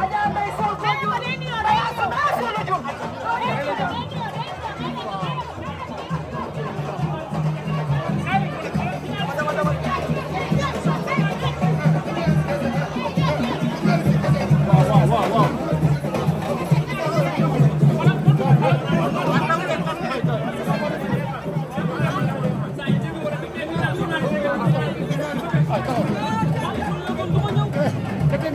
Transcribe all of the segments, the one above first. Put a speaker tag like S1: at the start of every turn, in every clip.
S1: Aja Mbay Sow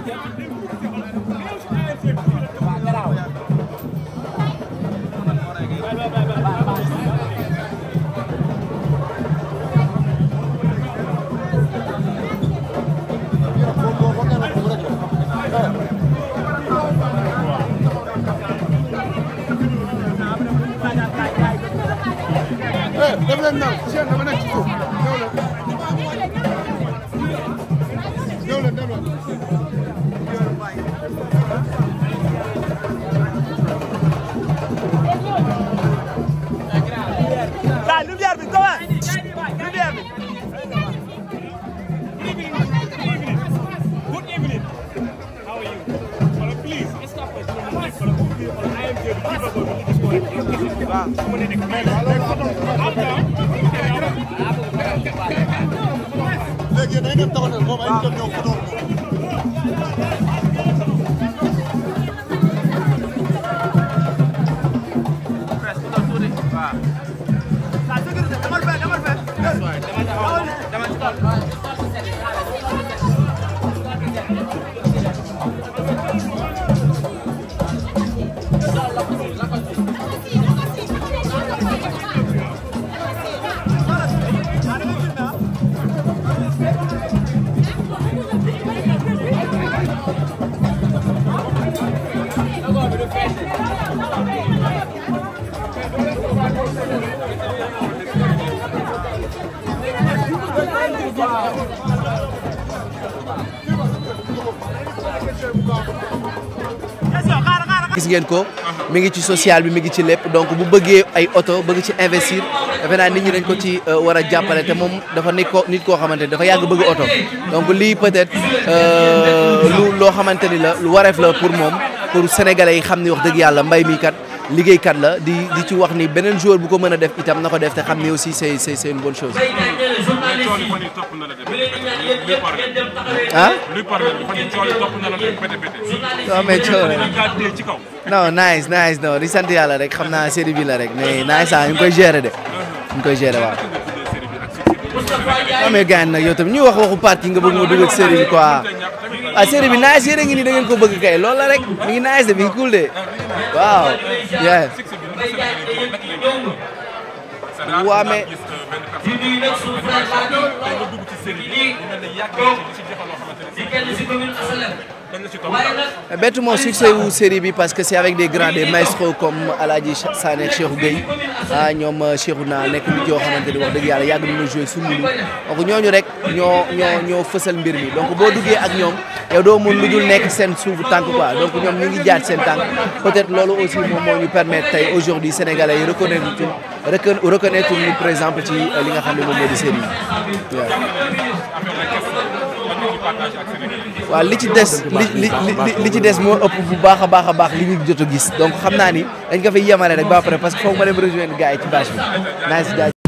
S1: Eh, def leen naaw Cheikh dama nekk ci suuf léegi day dem taxawal moom ay jëm ñëw photo Давай, давай, давай. gis ngeen ko mu ngi ci social bi mi ngi ci lépp donc bu bëggee ay oto bëgg ci investir defe naa nit ñi dañ ko ci euh, war a jàppale te moom dafa nekk ko nit koo xamante ni dafa yàgg bëgg oto donc lii peut-être euh, lu loo xamante ni la lu wareef la pour moom pour sénégalais yi xam ni wax dëgg yàlla mbay mi kat liggéeykat la di di ci wax ni beneen joueur bu ko mën a def itam na ko def te xam ne aussi c'est c'est c'est une bonne chose. ah. non mais coono non nice nice non di sant yàlla rek xam naa série bi rek mais nice ah ñu ngi koy gérer de. ñu ngi koy gérer waaw. non mais gars nag waaw ah, bi nice yéen a ngi nii da ko bëgg kay loolu la rek mi ngi nice de de waaw. waa bett mon succès wu série bi parce que c' avec des grands des maestros comme Aladji Sané Cheikhou Gueye ah ñoom euh, Cheikhou naa nekk nit yoo xamante ni wax dëgg yàlla yàgg nañu joué sumbulu donc ñooñu rek ñoo ñoo ñoo fësal mbir mi donc boo duggee ak ñoom yow doo mun lu nekk sen suuf tànk quoi donc ñoom ñu ngi jaat seen tànk peut-être loolu aussi moom moo ñu permettre tey aujourd'hui sénégalais yi reconnaître tu par exemple ci li nga xam ne moom moo di série waaw li ci des li li li ci des moo ëpp bu baax a baax a baax li ñu jot gis donc xam naa ni dañ ko fay yemale rek ba pare parce que foog ma dem rejoindre gars yi ci bâche bi
S2: naa si